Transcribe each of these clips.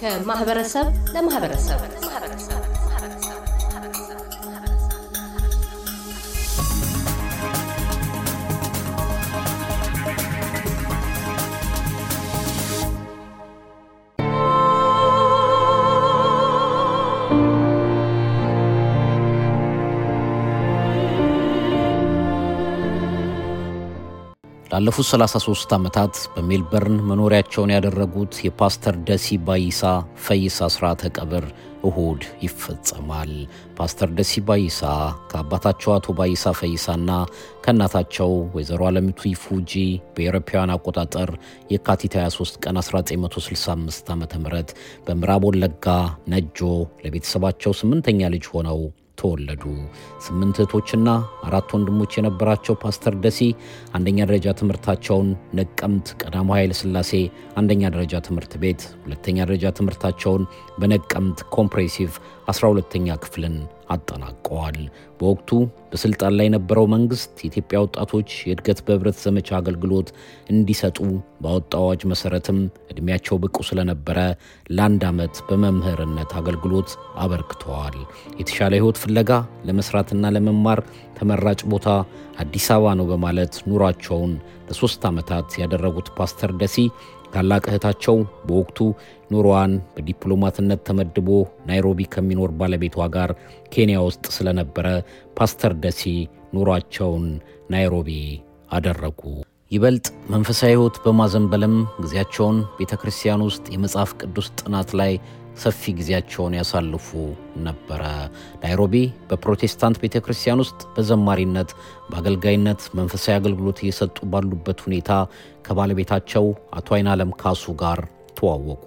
ከማህበረሰብ ለማህበረሰብ ላለፉት 33 ዓመታት በሜልበርን መኖሪያቸውን ያደረጉት የፓስተር ደሲ ባይሳ ፈይሳ ስርዓተ ቀብር እሁድ ይፈጸማል። ፓስተር ደሲ ባይሳ ከአባታቸው አቶ ባይሳ ፈይሳና ከእናታቸው ወይዘሮ አለሚቱ ይፉጂ በኤሮፓውያን አቆጣጠር የካቲት 23 ቀን 1965 ዓ ም በምዕራብ ወለጋ ነጆ ለቤተሰባቸው ስምንተኛ ልጅ ሆነው ተወለዱ። ስምንት እህቶችና አራት ወንድሞች የነበራቸው ፓስተር ደሲ አንደኛ ደረጃ ትምህርታቸውን ነቀምት ቀዳማዊ ኃይለ ሥላሴ አንደኛ ደረጃ ትምህርት ቤት፣ ሁለተኛ ደረጃ ትምህርታቸውን በነቀምት ኮምፕሬሲቭ 12 ኛ ክፍልን አጠናቀዋል። በወቅቱ በስልጣን ላይ የነበረው መንግስት የኢትዮጵያ ወጣቶች የእድገት በህብረት ዘመቻ አገልግሎት እንዲሰጡ ባወጣው አዋጅ መሰረትም እድሜያቸው ብቁ ስለነበረ ለአንድ ዓመት በመምህርነት አገልግሎት አበርክተዋል። የተሻለ ህይወት ፍለጋ ለመስራትና ለመማር ተመራጭ ቦታ አዲስ አበባ ነው በማለት ኑሯቸውን ለሶስት ዓመታት ያደረጉት ፓስተር ደሲ ታላቅ እህታቸው በወቅቱ ኑሮዋን በዲፕሎማትነት ተመድቦ ናይሮቢ ከሚኖር ባለቤቷ ጋር ኬንያ ውስጥ ስለነበረ ፓስተር ደሲ ኑሯቸውን ናይሮቢ አደረጉ። ይበልጥ መንፈሳዊ ሕይወት በማዘንበልም ጊዜያቸውን ቤተ ክርስቲያን ውስጥ የመጽሐፍ ቅዱስ ጥናት ላይ ሰፊ ጊዜያቸውን ያሳልፉ ነበረ። ናይሮቢ በፕሮቴስታንት ቤተ ክርስቲያን ውስጥ በዘማሪነት በአገልጋይነት መንፈሳዊ አገልግሎት እየሰጡ ባሉበት ሁኔታ ከባለቤታቸው አቶ አይናለም ካሱ ጋር ተዋወቁ።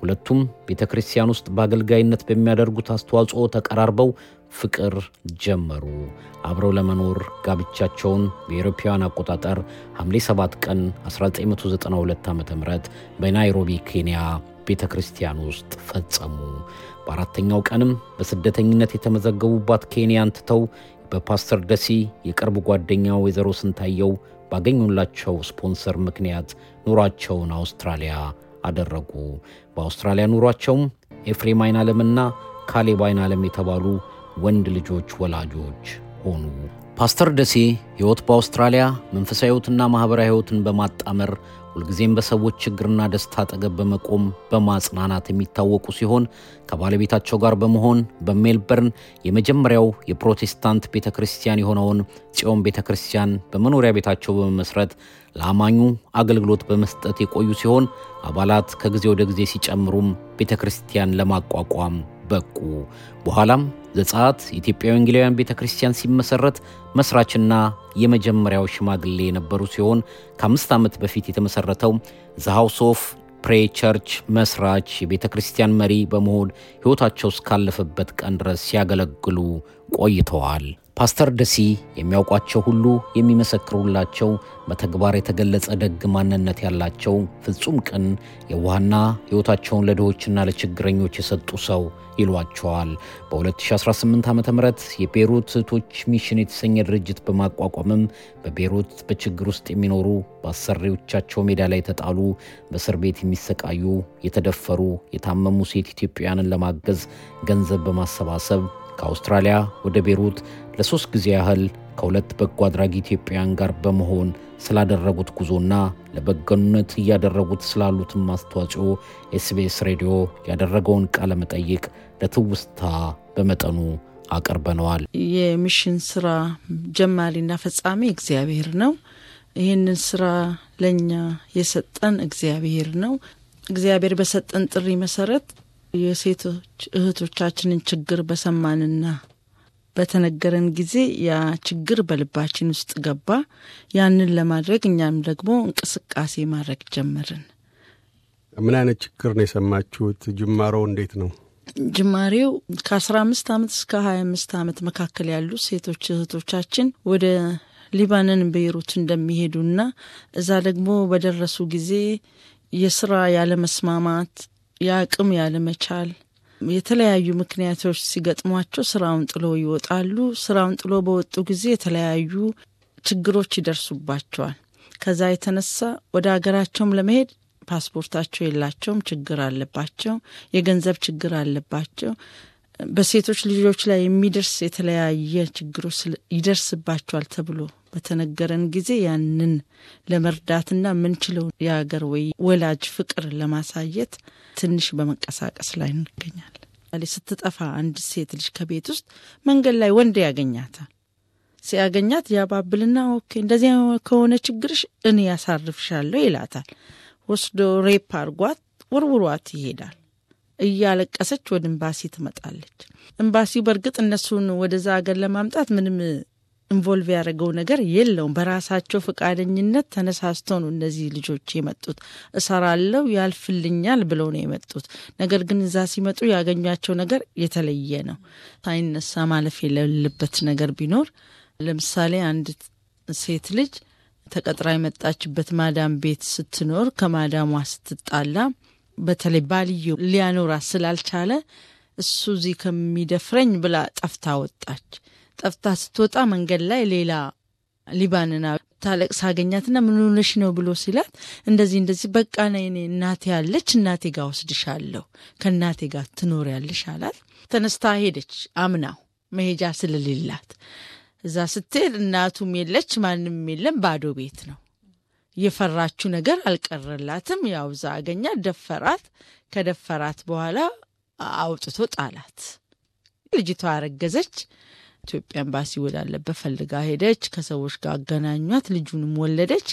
ሁለቱም ቤተ ክርስቲያን ውስጥ በአገልጋይነት በሚያደርጉት አስተዋጽኦ ተቀራርበው ፍቅር ጀመሩ። አብረው ለመኖር ጋብቻቸውን በአውሮፓውያን አቆጣጠር ሐምሌ 7 ቀን 1992 ዓ ም በናይሮቢ ኬንያ ቤተ ክርስቲያን ውስጥ ፈጸሙ። በአራተኛው ቀንም በስደተኝነት የተመዘገቡባት ኬንያን ትተው በፓስተር ደሲ የቅርብ ጓደኛ ወይዘሮ ስንታየው ባገኙላቸው ስፖንሰር ምክንያት ኑሯቸውን አውስትራሊያ አደረጉ። በአውስትራሊያ ኑሯቸውም ኤፍሬም አይን ዓለምና ካሌብ አይን ዓለም የተባሉ ወንድ ልጆች ወላጆች ሆኑ። ፓስተር ደሴ ሕይወት በአውስትራሊያ መንፈሳዊ ሕይወትና ማኅበራዊ ሕይወትን በማጣመር ሁልጊዜም በሰዎች ችግርና ደስታ አጠገብ በመቆም በማጽናናት የሚታወቁ ሲሆን ከባለቤታቸው ጋር በመሆን በሜልበርን የመጀመሪያው የፕሮቴስታንት ቤተ ክርስቲያን የሆነውን ጽዮን ቤተ ክርስቲያን በመኖሪያ ቤታቸው በመመስረት ለአማኙ አገልግሎት በመስጠት የቆዩ ሲሆን አባላት ከጊዜ ወደ ጊዜ ሲጨምሩም ቤተ ክርስቲያን ለማቋቋም በቁ። በኋላም ዘጸአት ኢትዮጵያ ወንጌላውያን ቤተ ክርስቲያን ሲመሰረት መስራችና የመጀመሪያው ሽማግሌ የነበሩ ሲሆን ከአምስት ዓመት በፊት የተመሰረተው ዘ ሃውስ ኦፍ ፕሬ ቸርች መስራች የቤተ ክርስቲያን መሪ በመሆን ሕይወታቸው እስካለፈበት ቀን ድረስ ሲያገለግሉ ቆይተዋል። ፓስተር ደሲ የሚያውቋቸው ሁሉ የሚመሰክሩላቸው በተግባር የተገለጸ ደግ ማንነት ያላቸው ፍጹም ቅን የዋህና ሕይወታቸውን ለድሆችና ለችግረኞች የሰጡ ሰው ይሏቸዋል። በ2018 ዓ ም የቤሩት እህቶች ሚሽን የተሰኘ ድርጅት በማቋቋምም በቤሩት በችግር ውስጥ የሚኖሩ በአሰሪዎቻቸው ሜዳ ላይ የተጣሉ፣ በእስር ቤት የሚሰቃዩ፣ የተደፈሩ፣ የታመሙ ሴት ኢትዮጵያውያንን ለማገዝ ገንዘብ በማሰባሰብ ከአውስትራሊያ ወደ ቤሩት ለሶስት ጊዜ ያህል ከሁለት በጎ አድራጊ ኢትዮጵያውያን ጋር በመሆን ስላደረጉት ጉዞና ለበጎነት እያደረጉት ስላሉትም አስተዋጽኦ ኤስቢኤስ ሬዲዮ ያደረገውን ቃለ መጠይቅ ለትውስታ በመጠኑ አቅርበነዋል። የሚሽን ስራ ጀማሪና ፈጻሚ እግዚአብሔር ነው። ይህንን ስራ ለእኛ የሰጠን እግዚአብሔር ነው። እግዚአብሔር በሰጠን ጥሪ መሰረት የሴቶች እህቶቻችንን ችግር በሰማንና በተነገረን ጊዜ ያ ችግር በልባችን ውስጥ ገባ። ያንን ለማድረግ እኛም ደግሞ እንቅስቃሴ ማድረግ ጀመርን። ምን አይነት ችግር ነው የሰማችሁት? ጅማሮው እንዴት ነው? ጅማሬው ከአስራ አምስት ዓመት እስከ ሀያ አምስት አመት መካከል ያሉ ሴቶች እህቶቻችን ወደ ሊባንን ቤይሩት እንደሚሄዱና እዛ ደግሞ በደረሱ ጊዜ የስራ ያለመስማማት፣ የአቅም ያለመቻል የተለያዩ ምክንያቶች ሲገጥሟቸው ስራውን ጥሎ ይወጣሉ። ስራውን ጥሎ በወጡ ጊዜ የተለያዩ ችግሮች ይደርሱባቸዋል። ከዛ የተነሳ ወደ ሀገራቸውም ለመሄድ ፓስፖርታቸው የላቸውም፣ ችግር አለባቸው፣ የገንዘብ ችግር አለባቸው። በሴቶች ልጆች ላይ የሚደርስ የተለያየ ችግሮች ይደርስባቸዋል ተብሎ በተነገረን ጊዜ ያንን ለመርዳትና ምንችለው የሀገር ወይ ወላጅ ፍቅር ለማሳየት ትንሽ በመንቀሳቀስ ላይ እንገኛለን። ስትጠፋ አንድ ሴት ልጅ ከቤት ውስጥ መንገድ ላይ ወንድ ያገኛታል። ሲያገኛት ያባብልና ኦኬ፣ እንደዚህ ከሆነ ችግርሽ እኔ ያሳርፍሻለሁ ይላታል። ወስዶ ሬፕ አርጓት ወርውሯት ይሄዳል። እያለቀሰች ወደ ኤምባሲ ትመጣለች። ኤምባሲው በእርግጥ እነሱን ወደዛ ሀገር ለማምጣት ምንም ኢንቮልቭ ያደረገው ነገር የለውም። በራሳቸው ፈቃደኝነት ተነሳስተው ነው እነዚህ ልጆች የመጡት። እሰራለው ያልፍልኛል ብለው ነው የመጡት። ነገር ግን እዛ ሲመጡ ያገኟቸው ነገር የተለየ ነው። ሳይነሳ ማለፍ የሌለበት ነገር ቢኖር ለምሳሌ አንድ ሴት ልጅ ተቀጥራ የመጣችበት ማዳም ቤት ስትኖር ከማዳሟ ስትጣላ በተለይ ባልዩ ሊያኖራ ስላልቻለ እሱ እዚህ ከሚደፍረኝ ብላ ጠፍታ ወጣች። ጠፍታ ስትወጣ መንገድ ላይ ሌላ ሊባንና ታለቅ ሳገኛትና ምን ሆነሽ ነው ብሎ ሲላት እንደዚህ እንደዚህ በቃ ነይ እኔ እናቴ ያለች እናቴ ጋር ወስድሻለሁ ከእናቴ ጋር ትኖር ያለሽ አላት። ተነስታ ሄደች። አምናው መሄጃ ስለሌላት እዛ ስትሄድ እናቱም የለች፣ ማንም የለም፣ ባዶ ቤት ነው። የፈራችው ነገር አልቀረላትም። ያው ዛ አገኛ ደፈራት። ከደፈራት በኋላ አውጥቶ ጣላት። ልጅቷ አረገዘች። ኢትዮጵያ ኤምባሲ ወዳለበት ፈልጋ ሄደች። ከሰዎች ጋር አገናኟት። ልጁንም ወለደች።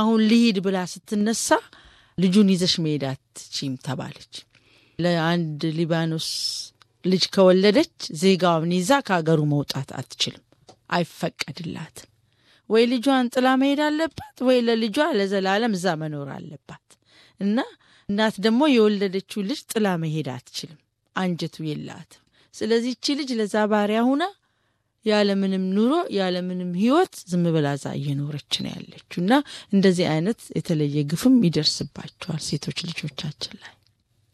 አሁን ልሂድ ብላ ስትነሳ ልጁን ይዘሽ መሄድ አትችም ተባለች። ለአንድ ሊባኖስ ልጅ ከወለደች ዜጋውን ይዛ ከሀገሩ መውጣት አትችልም፣ አይፈቀድላትም። ወይ ልጇን ጥላ መሄድ አለባት ወይ ለልጇ ለዘላለም እዛ መኖር አለባት እና እናት ደግሞ የወለደችው ልጅ ጥላ መሄድ አትችልም፣ አንጀቱ የላትም። ስለዚህ እቺ ልጅ ለዛ ባሪያ ሁና ያለምንም ኑሮ ያለምንም ህይወት ዝም ብላ እዛ እየኖረች ነው ያለችው እና እንደዚህ አይነት የተለየ ግፍም ይደርስባቸዋል ሴቶች ልጆቻችን ላይ።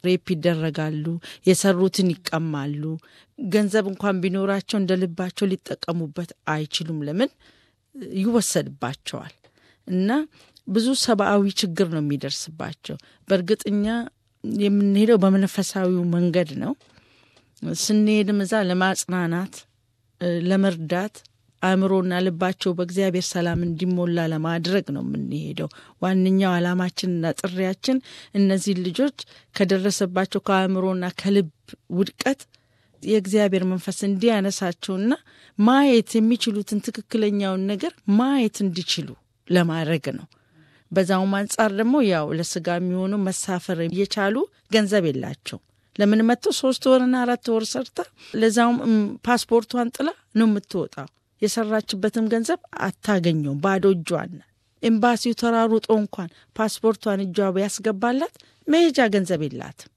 ሬፕ ይደረጋሉ፣ የሰሩትን ይቀማሉ። ገንዘብ እንኳን ቢኖራቸው እንደ ልባቸው ሊጠቀሙበት አይችሉም። ለምን ይወሰድባቸዋል እና ብዙ ሰብአዊ ችግር ነው የሚደርስባቸው። በእርግጥኛ የምንሄደው በመንፈሳዊው መንገድ ነው። ስንሄድም እዛ ለማጽናናት፣ ለመርዳት አእምሮና ልባቸው በእግዚአብሔር ሰላም እንዲሞላ ለማድረግ ነው የምንሄደው። ዋነኛው ዓላማችንና ጥሪያችን እነዚህን ልጆች ከደረሰባቸው ከአእምሮና ከልብ ውድቀት የእግዚአብሔር መንፈስ እንዲያነሳቸውና ማየት የሚችሉትን ትክክለኛውን ነገር ማየት እንዲችሉ ለማድረግ ነው። በዛውም አንጻር ደግሞ ያው ለስጋ የሚሆኑ መሳፈር እየቻሉ ገንዘብ የላቸው ለምን መጥቶ ሶስት ወርና አራት ወር ሰርታ ለዛውም ፓስፖርቷን ጥላ ነው የምትወጣው። የሰራችበትም ገንዘብ አታገኘውም። ባዶ እጇን ኤምባሲው ተራሩጦ እንኳን ፓስፖርቷን እጇ ያስገባላት መሄጃ ገንዘብ የላትም።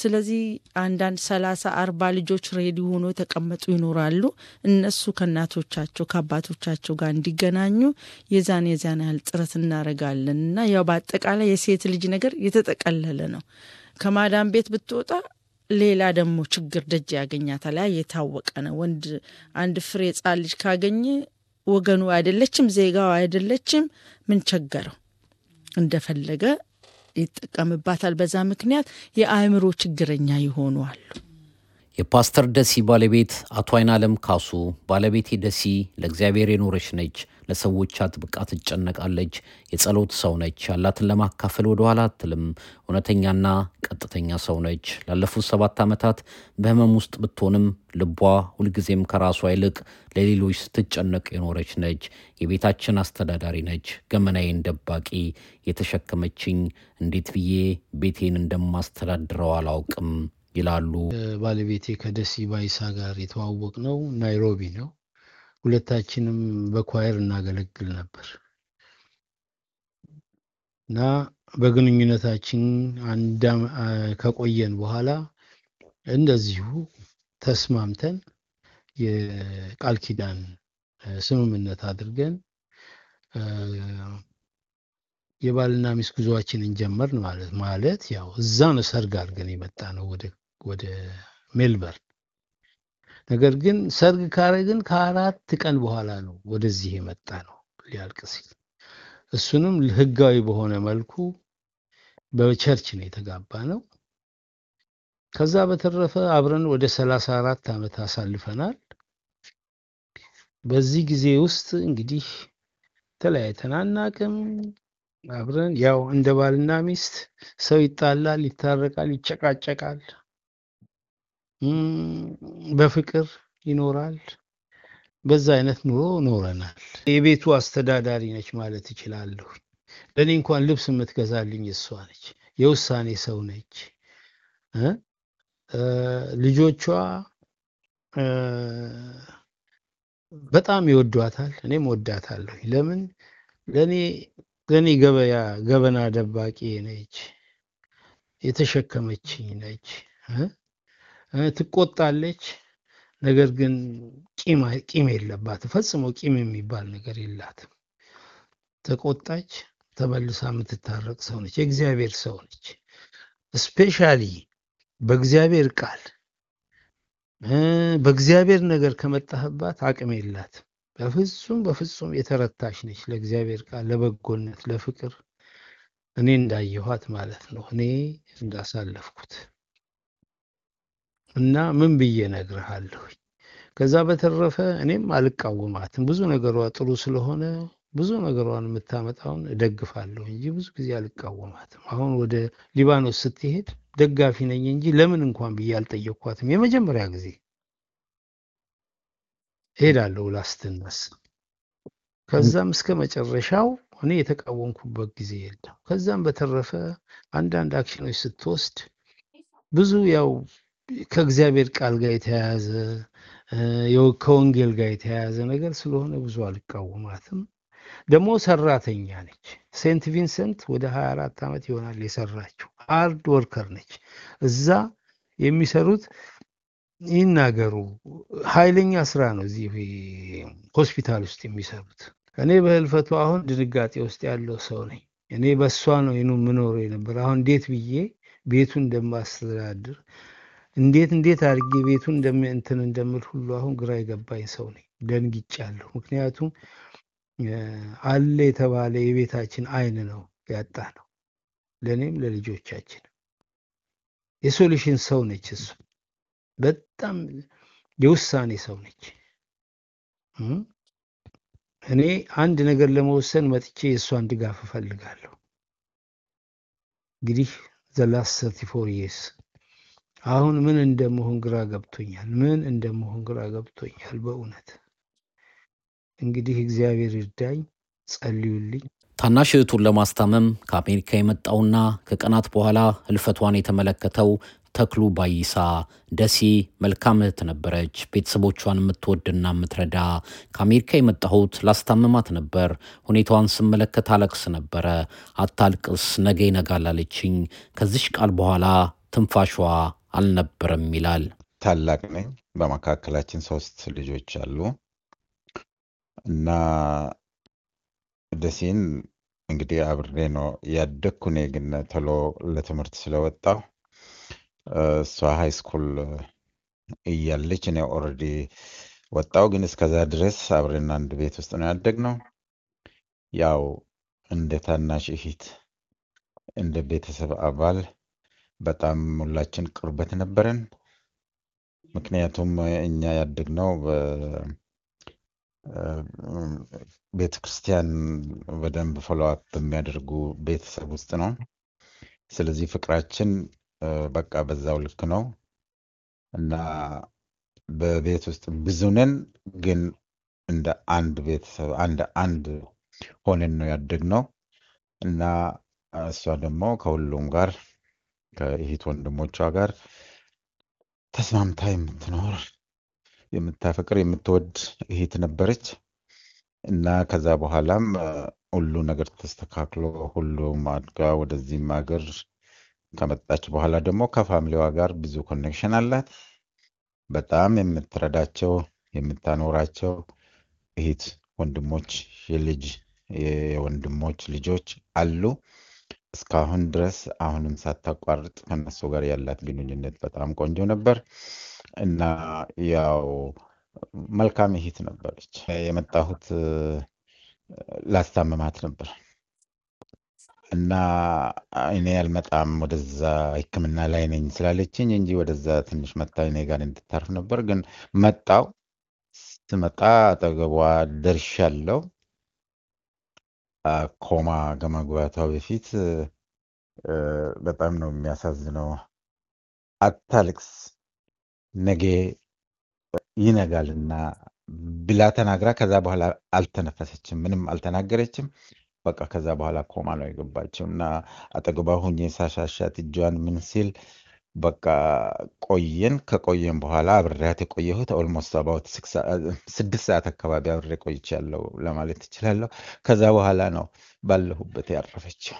ስለዚህ አንዳንድ ሰላሳ አርባ ልጆች ሬዲ ሆኖ የተቀመጡ ይኖራሉ። እነሱ ከእናቶቻቸው ከአባቶቻቸው ጋር እንዲገናኙ የዛን የዛን ያህል ጥረት እናደርጋለን እና ያው በአጠቃላይ የሴት ልጅ ነገር የተጠቀለለ ነው። ከማዳም ቤት ብትወጣ ሌላ ደግሞ ችግር ደጅ ያገኛታል። ያ የታወቀ ነው። ወንድ አንድ ፍሬ ጻ ልጅ ካገኘ ወገኑ አይደለችም፣ ዜጋው አይደለችም፣ ምን ቸገረው እንደፈለገ ይጠቀምባታል። በዛ ምክንያት የአእምሮ ችግረኛ ይሆኑ አሉ። የፓስተር ደሲ ባለቤት አቶ አይናለም ካሱ ባለቤቴ ደሲ ለእግዚአብሔር የኖረች ነች፣ ለሰዎች አጥብቃ ትጨነቃለች፣ የጸሎት ሰው ነች፣ ያላትን ለማካፈል ወደ ኋላ አትልም፣ እውነተኛና ቀጥተኛ ሰው ነች። ላለፉት ሰባት ዓመታት በህመም ውስጥ ብትሆንም ልቧ ሁልጊዜም ከራሷ ይልቅ ለሌሎች ስትጨነቅ የኖረች ነች። የቤታችን አስተዳዳሪ ነች፣ ገመናዬን ደባቂ የተሸከመችኝ። እንዴት ብዬ ቤቴን እንደማስተዳድረው አላውቅም ይላሉ። ባለቤቴ ከደሲ ባይሳ ጋር የተዋወቅ ነው ናይሮቢ ነው። ሁለታችንም በኳየር እናገለግል ነበር እና በግንኙነታችን ከቆየን በኋላ እንደዚሁ ተስማምተን የቃል ኪዳን ስምምነት አድርገን የባልና ሚስት ጉዞአችንን ጀመርን ማለት ማለት ያው እዛ ነው ሰርግ አድርገን የመጣ ነው ወደ ሜልበርን። ነገር ግን ሰርግ ካረግን ከአራት ቀን በኋላ ነው ወደዚህ የመጣ ነው ሊያልቅ ሲል እሱንም ህጋዊ በሆነ መልኩ በቸርች ነው የተጋባ ነው። ከዛ በተረፈ አብረን ወደ ሰላሳ አራት ዓመት አሳልፈናል። በዚህ ጊዜ ውስጥ እንግዲህ ተለያይተን አናቅም። አብረን ያው እንደ ባልና ሚስት ሰው ይጣላል፣ ይታረቃል፣ ይጨቃጨቃል፣ በፍቅር ይኖራል። በዛ አይነት ኑሮ ኖረናል። የቤቱ አስተዳዳሪ ነች ማለት እችላለሁ። ለእኔ እንኳን ልብስ የምትገዛልኝ እሷ ነች። የውሳኔ ሰው ነች። ልጆቿ በጣም ይወዷታል፣ እኔም ወዳታለሁ። ለምን ለእኔ ለእኔ ገበያ ገበና ደባቂ ነች፣ የተሸከመችኝ ነች። ትቆጣለች፣ ነገር ግን ቂም የለባት። ፈጽሞ ቂም የሚባል ነገር የላትም። ተቆጣች፣ ተመልሳ የምትታረቅ ሰው ነች። የእግዚአብሔር ሰው ነች። ስፔሻሊ በእግዚአብሔር ቃል በእግዚአብሔር ነገር ከመጣህባት አቅም የላትም። በፍጹም በፍጹም የተረታሽ ነች ለእግዚአብሔር ቃል ለበጎነት ለፍቅር እኔ እንዳየኋት ማለት ነው እኔ እንዳሳለፍኩት እና ምን ብዬ እነግርሃለሁ ከዛ በተረፈ እኔም አልቃወማትም ብዙ ነገሯ ጥሩ ስለሆነ ብዙ ነገሯን የምታመጣውን እደግፋለሁ እንጂ ብዙ ጊዜ አልቃወማትም አሁን ወደ ሊባኖስ ስትሄድ ደጋፊ ነኝ እንጂ ለምን እንኳን ብዬ አልጠየኳትም የመጀመሪያ ጊዜ ሄዳለሁ ላስትነስ ከዛም እስከ መጨረሻው እኔ የተቃወምኩበት ጊዜ የለም። ከዛም በተረፈ አንዳንድ አክሽኖች ስትወስድ ብዙ ያው ከእግዚአብሔር ቃል ጋር የተያያዘ ከወንጌል ጋር የተያያዘ ነገር ስለሆነ ብዙ አልቃወማትም። ደግሞ ሰራተኛ ነች። ሴንት ቪንሰንት ወደ 24 ዓመት ይሆናል የሰራችው። አርድ ወርከር ነች። እዛ የሚሰሩት ይናገሩ። ኃይለኛ ስራ ነው እዚህ ሆስፒታል ውስጥ የሚሰሩት። እኔ በህልፈቱ አሁን ድንጋጤ ውስጥ ያለው ሰው ነኝ። እኔ በእሷ ነው ይኑ ምኖሩ የነበር አሁን እንዴት ብዬ ቤቱን እንደማስተዳድር እንዴት እንዴት አድርጌ ቤቱን እንትን እንደምል ሁሉ አሁን ግራ የገባኝ ሰው ነኝ። ደንግጫለሁ። ምክንያቱም አለ የተባለ የቤታችን አይን ነው ያጣ ነው ለእኔም ለልጆቻችን የሶሉሽን ሰው ነች እሱ። በጣም የውሳኔ ሰው ነች። እኔ አንድ ነገር ለመወሰን መጥቼ የእሷን ድጋፍ እፈልጋለሁ። እንግዲህ ዘላስ ፎር የስ አሁን ምን እንደመሆን ግራ ገብቶኛል። ምን እንደመሆን ግራ ገብቶኛል። በእውነት እንግዲህ እግዚአብሔር እርዳኝ፣ ጸልዩልኝ። ታናሽ እህቱን ለማስታመም ከአሜሪካ የመጣውና ከቀናት በኋላ ህልፈቷን የተመለከተው ተክሉ ባይሳ ደሴ መልካም እህት ነበረች። ቤተሰቦቿን የምትወድና የምትረዳ። ከአሜሪካ የመጣሁት ላስታምማት ነበር። ሁኔታዋን ስመለከት አለቅስ ነበረ። አታልቅስ፣ ነገ ይነጋል አለችኝ። ከዚሽ ቃል በኋላ ትንፋሿ አልነበረም ይላል። ታላቅ ነኝ። በመካከላችን ሶስት ልጆች አሉ እና ደሴን እንግዲህ አብሬ ነው ያደግኩ። እኔ ግን ቶሎ ለትምህርት ስለወጣሁ እሷ ሃይስኩል እያለች እኔ ኦረዲ ወጣው። ግን እስከዛ ድረስ አብሬና አንድ ቤት ውስጥ ነው ያደግ ነው። ያው እንደ ታናሽ እህት፣ እንደ ቤተሰብ አባል በጣም ሁላችን ቅርበት ነበረን። ምክንያቱም እኛ ያደግነው ቤተ ክርስቲያን በደንብ ፎሎአፕ በሚያደርጉ ቤተሰብ ውስጥ ነው። ስለዚህ ፍቅራችን በቃ በዛው ልክ ነው እና በቤት ውስጥ ብዙ ነን፣ ግን እንደ አንድ ቤተሰብ አንድ አንድ ሆነን ነው ያደግነው እና እሷ ደግሞ ከሁሉም ጋር ከእህት ወንድሞቿ ጋር ተስማምታ የምትኖር የምታፈቅር የምትወድ እህት ነበረች እና ከዛ በኋላም ሁሉ ነገር ተስተካክሎ ሁሉም አድጋ ወደዚህም ሀገር ከመጣች በኋላ ደግሞ ከፋሚሊዋ ጋር ብዙ ኮኔክሽን አላት። በጣም የምትረዳቸው የምታኖራቸው እህት ወንድሞች፣ የልጅ የወንድሞች ልጆች አሉ። እስካሁን ድረስ አሁንም ሳታቋርጥ ከነሱ ጋር ያላት ግንኙነት በጣም ቆንጆ ነበር እና ያው መልካም እህት ነበረች። የመጣሁት ላስታምማት ነበር። እና እኔ አልመጣም ወደዛ ህክምና ላይ ነኝ ስላለችኝ እንጂ ወደዛ ትንሽ መጣ እኔ ጋር እንድታርፍ ነበር። ግን መጣው ስመጣ አጠገቧ ደርሻለሁ። ኮማ ከመግባቷ በፊት በጣም ነው የሚያሳዝነው። አታልቅስ ነገ ይነጋልና ብላ ተናግራ ከዛ በኋላ አልተነፈሰችም፣ ምንም አልተናገረችም። በቃ ከዛ በኋላ ኮማ ነው የገባቸው እና አጠገቧ ሁኜ ሳሻሻት እጇን ምን ሲል በቃ ቆየን። ከቆየን በኋላ አብሬያት የቆየሁት ኦልሞስት አባውት ስድስት ሰዓት አካባቢ አብሬ ቆይቻለሁ ለማለት እችላለሁ። ከዛ በኋላ ነው ባለሁበት ያረፈችው።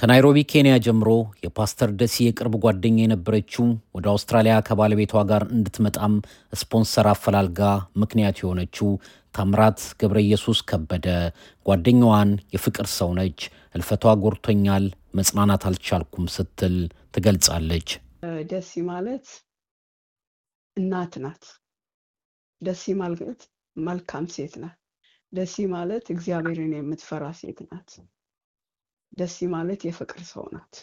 ከናይሮቢ ኬንያ ጀምሮ የፓስተር ደሲ የቅርብ ጓደኛ የነበረችው ወደ አውስትራሊያ ከባለቤቷ ጋር እንድትመጣም ስፖንሰር አፈላልጋ ምክንያት የሆነችው ታምራት ገብረ ኢየሱስ ከበደ ጓደኛዋን የፍቅር ሰው ነች፣ እልፈቷ ጎርቶኛል፣ መጽናናት አልቻልኩም ስትል ትገልጻለች። ደሲ ማለት እናት ናት። ደሲ ማለት መልካም ሴት ናት። ደሲ ማለት እግዚአብሔርን የምትፈራ ሴት ናት። ደሲ ማለት የፍቅር ሰው ናት።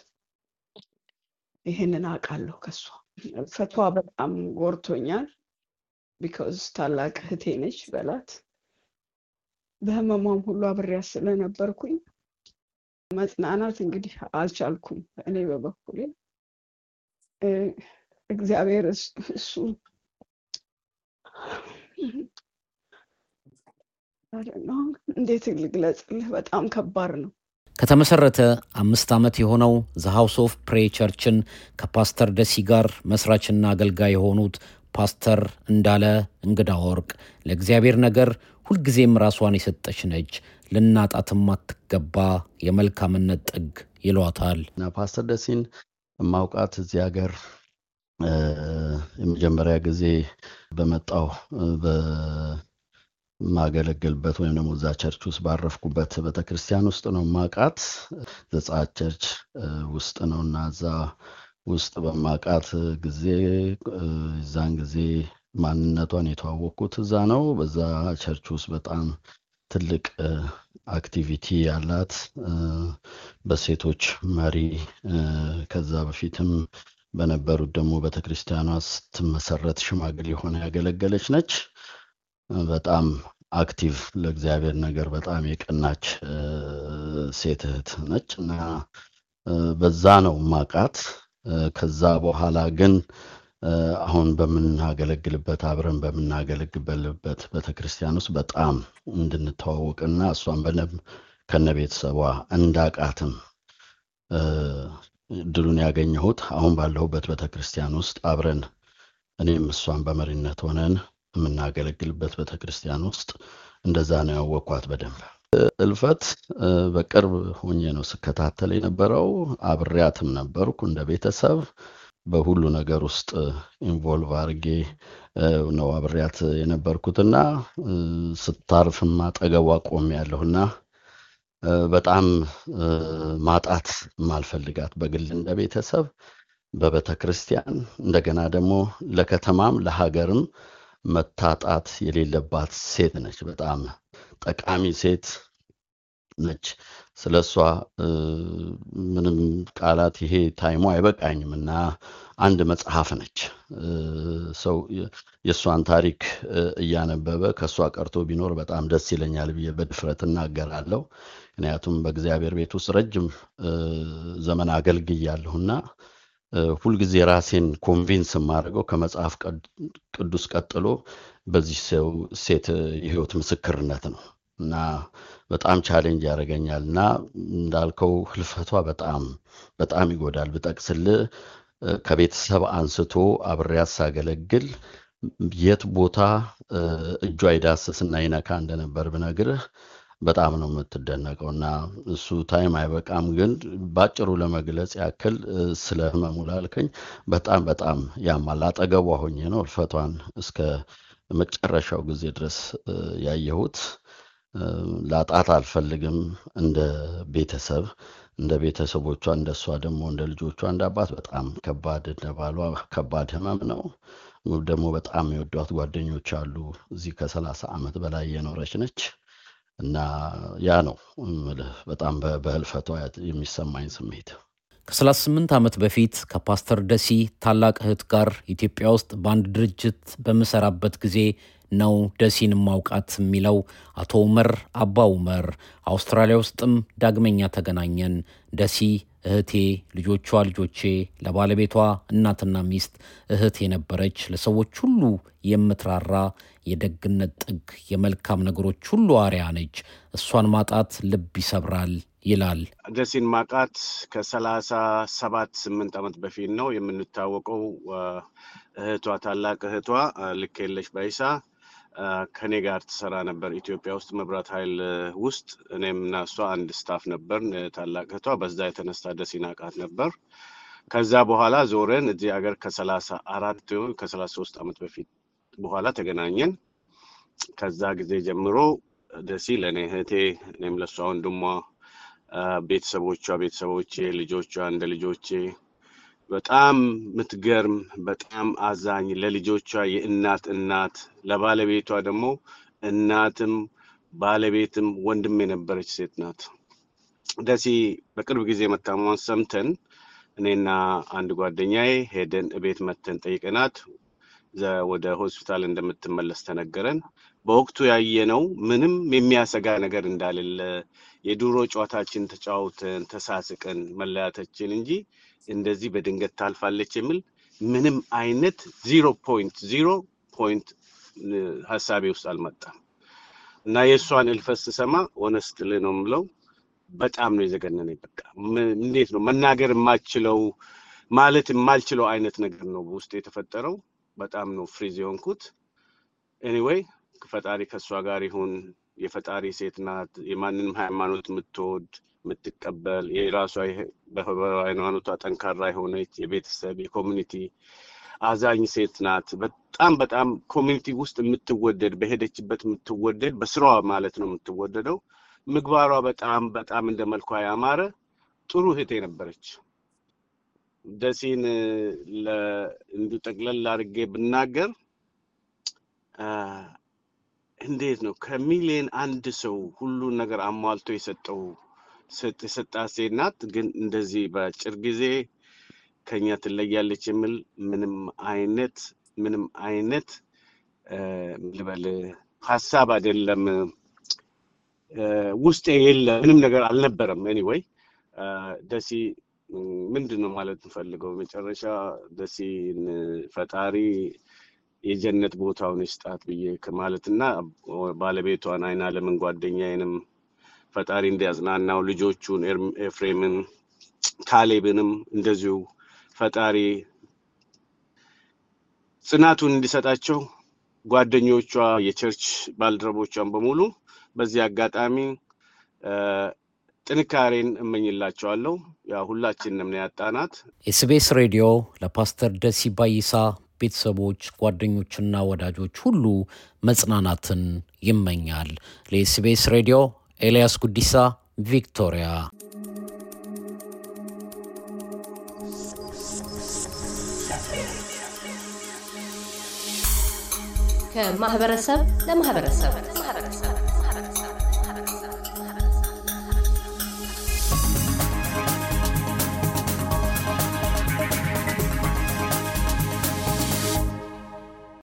ይህንን አውቃለሁ ከሷ። ህልፈቷ በጣም ጎርቶኛል ቢካዝ ታላቅ እህቴ ነች በላት። በህመሟም ሁሉ ስለ ስለነበርኩኝ መጽናናት እንግዲህ አልቻልኩም። እኔ በበኩሌ እግዚአብሔር እሱ እንዴት ልግለጽልህ? በጣም ከባድ ነው። ከተመሰረተ አምስት ዓመት የሆነው ዘ ኦፍ ፕሬ ቸርችን ከፓስተር ደሲ ጋር መስራችና አገልጋይ የሆኑት ፓስተር እንዳለ እንግዳ ወርቅ ለእግዚአብሔር ነገር ሁልጊዜም ራሷን የሰጠች ነች፣ ልናጣትም አትገባ የመልካምነት ጥግ ይሏታል። ፓስተር ደሲን ማውቃት እዚህ ሀገር የመጀመሪያ ጊዜ በመጣው በማገለግልበት ወይም ደግሞ እዛ ቸርች ውስጥ ባረፍኩበት ቤተክርስቲያን ውስጥ ነው ማውቃት። ዘጸአት ቸርች ውስጥ ነው እና እዛ ውስጥ በማቃት ጊዜ የዛን ጊዜ ማንነቷን የተዋወቅኩት እዛ ነው። በዛ ቸርች ውስጥ በጣም ትልቅ አክቲቪቲ ያላት በሴቶች መሪ ከዛ በፊትም በነበሩት ደግሞ ቤተክርስቲያኗ ስትመሰረት ሽማግሌ ሆነ ያገለገለች ነች። በጣም አክቲቭ ለእግዚአብሔር ነገር በጣም የቀናች ሴት እህት ነች እና በዛ ነው ማቃት። ከዛ በኋላ ግን አሁን በምናገለግልበት አብረን በምናገለግልበት ቤተክርስቲያን ውስጥ በጣም እንድንተዋወቅና እሷን በደንብ ከነቤተሰቧ እንዳቃትም እድሉን ያገኘሁት አሁን ባለሁበት ቤተክርስቲያን ውስጥ አብረን እኔም እሷን በመሪነት ሆነን የምናገለግልበት ቤተክርስቲያን ውስጥ እንደዛ ነው ያወቅኳት በደንብ እልፈት በቅርብ ሆኜ ነው ስከታተል የነበረው አብሬያትም ነበርኩ እንደ ቤተሰብ በሁሉ ነገር ውስጥ ኢንቮልቭ አድርጌ ነው አብሬያት የነበርኩትና ስታርፍም አጠገቧ ያለሁና በጣም ማጣት ማልፈልጋት በግል እንደ ቤተሰብ በቤተ ክርስቲያን እንደገና ደግሞ ለከተማም ለሀገርም መታጣት የሌለባት ሴት ነች በጣም ጠቃሚ ሴት ነች። ስለ እሷ ምንም ቃላት ይሄ ታይሞ አይበቃኝም እና አንድ መጽሐፍ ነች። ሰው የእሷን ታሪክ እያነበበ ከእሷ ቀርቶ ቢኖር በጣም ደስ ይለኛል ብዬ በድፍረት እናገራለሁ። ምክንያቱም በእግዚአብሔር ቤት ውስጥ ረጅም ዘመን አገልግያለሁና ሁልጊዜ ራሴን ኮንቪንስ የማደርገው ከመጽሐፍ ቅዱስ ቀጥሎ በዚህ ሰው ሴት የህይወት ምስክርነት ነው እና በጣም ቻሌንጅ ያደርገኛል እና እንዳልከው ህልፈቷ በጣም በጣም ይጎዳል። ብጠቅስል ከቤተሰብ አንስቶ አብሬያት ሳገለግል የት ቦታ እጇ እና ይነካ እንደነበር ብነግርህ በጣም ነው የምትደነቀው እና እሱ ታይም አይበቃም፣ ግን ባጭሩ ለመግለጽ ያክል ስለ ህመሙ ላልከኝ በጣም በጣም ያማል። አጠገቧ ሆኜ ነው እልፈቷን እስከ መጨረሻው ጊዜ ድረስ ያየሁት። ላጣት አልፈልግም። እንደ ቤተሰብ እንደ ቤተሰቦቿ እንደ እሷ ደግሞ እንደ ልጆቿ እንደ አባት በጣም ከባድ እንደ ባሏ ከባድ ህመም ነው። ደግሞ በጣም የወዷት ጓደኞች አሉ። እዚህ ከሰላሳ ዓመት በላይ የኖረች ነች። እና ያ ነው ምልህ በጣም በህልፈቷ የሚሰማኝ ስሜት። ከ38 ዓመት በፊት ከፓስተር ደሲ ታላቅ እህት ጋር ኢትዮጵያ ውስጥ በአንድ ድርጅት በምሰራበት ጊዜ ነው ደሲን ማውቃት የሚለው አቶ ኡመር አባ ኡመር። አውስትራሊያ ውስጥም ዳግመኛ ተገናኘን። ደሲ እህቴ፣ ልጆቿ፣ ልጆቼ፣ ለባለቤቷ እናትና ሚስት እህት የነበረች፣ ለሰዎች ሁሉ የምትራራ የደግነት ጥግ፣ የመልካም ነገሮች ሁሉ አርያ ነች። እሷን ማጣት ልብ ይሰብራል ይላል። ደሴን ማጣት ከሰላሳ ሰባት ስምንት ዓመት በፊት ነው የምንታወቀው። እህቷ ታላቅ እህቷ ልክ የለሽ ባይሳ ከኔ ጋር ትሰራ ነበር ኢትዮጵያ ውስጥ መብራት ኃይል ውስጥ እኔም እና እሷ አንድ ስታፍ ነበር። ታላቅ እህቷ በዛ የተነሳ ደሴን አቃት ነበር። ከዛ በኋላ ዞረን እዚህ ሀገር ከሰላሳ አራት ከሰላሳ ሶስት ዓመት በፊት በኋላ ተገናኘን። ከዛ ጊዜ ጀምሮ ደሲ ለእኔ እህቴ፣ እኔም ለሷ ወንድሟ፣ ቤተሰቦቿ ቤተሰቦቼ፣ ልጆቿ እንደ ልጆቼ በጣም ምትገርም በጣም አዛኝ ለልጆቿ የእናት እናት ለባለቤቷ ደግሞ እናትም ባለቤትም ወንድም የነበረች ሴት ናት። ደሲ በቅርብ ጊዜ መታሟን ሰምተን እኔና አንድ ጓደኛዬ ሄደን እቤት መተን ጠይቀናት ወደ ሆስፒታል እንደምትመለስ ተነገረን። በወቅቱ ያየነው ምንም የሚያሰጋ ነገር እንዳሌለ የድሮ ጨዋታችን ተጫውተን ተሳስቀን መለያታችን እንጂ እንደዚህ በድንገት ታልፋለች የሚል ምንም አይነት ዚሮ ፖይንት ዚሮ ፖይንት ሀሳቤ ውስጥ አልመጣም እና የእሷን እልፈት ስሰማ ኦነስትል ነው የምለው በጣም ነው የዘገነነ። በቃ እንዴት ነው መናገር የማችለው ማለት የማልችለው አይነት ነገር ነው ውስጥ የተፈጠረው። በጣም ነው ፍሪዝ የሆንኩት። ኤኒዌይ ፈጣሪ ከእሷ ጋር ይሁን። የፈጣሪ ሴት ናት። የማንንም ሃይማኖት የምትወድ የምትቀበል የራሷ በሃይማኖቷ ጠንካራ የሆነች የቤተሰብ የኮሚኒቲ አዛኝ ሴት ናት። በጣም በጣም ኮሚኒቲ ውስጥ የምትወደድ በሄደችበት የምትወደድ በስራዋ ማለት ነው የምትወደደው። ምግባሯ በጣም በጣም እንደ መልኳ ያማረ ጥሩ እህቴ ነበረች። ደሴን እንዱ ጠቅለል አድርጌ ብናገር እንዴት ነው ከሚሊዮን አንድ ሰው ሁሉን ነገር አሟልቶ የሰጠው የሰጣት ሴት ናት። ግን እንደዚህ በአጭር ጊዜ ከኛ ትለያለች የሚል ምንም አይነት ምንም አይነት ልበል ሀሳብ አይደለም ውስጤ የለ ምንም ነገር አልነበረም። ኤኒዌይ ደሲ ምንድን ነው ማለት ንፈልገው መጨረሻ ደሴን ፈጣሪ የጀነት ቦታውን ይስጣት ብዬ እና ባለቤቷን አይን አለምን ጓደኛዬንም ፈጣሪ እንዲያጽናናው ልጆቹን ኤፍሬምን ካሌብንም እንደዚሁ ፈጣሪ ጽናቱን እንዲሰጣቸው ጓደኞቿ የቸርች ባልደረቦቿን በሙሉ በዚህ አጋጣሚ ጥንካሬን እመኝላቸዋለሁ። ያ ሁላችንም ያጣናት ኤስቤስ ሬዲዮ ለፓስተር ደሲ ባይሳ ቤተሰቦች፣ ጓደኞችና ወዳጆች ሁሉ መጽናናትን ይመኛል። ለኤስቤስ ሬዲዮ ኤልያስ ጉዲሳ ቪክቶሪያ። ከማህበረሰብ ለማህበረሰብ